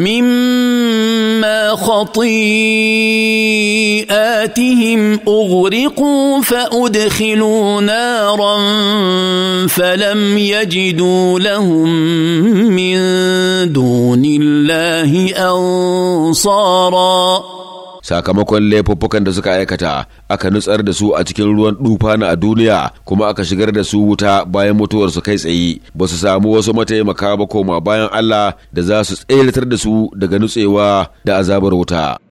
مما خطيئاتهم اغرقوا فادخلوا نارا فلم يجدوا لهم من دون الله انصارا sakamakon laifuffukan da suka aikata aka nutsar da su a cikin ruwan na a duniya kuma aka shigar da su wuta bayan mutuwar su kai tsaye ba su samu wasu mataimaka ba koma bayan Allah da za su tseratar da su daga nutsewa da azabar wuta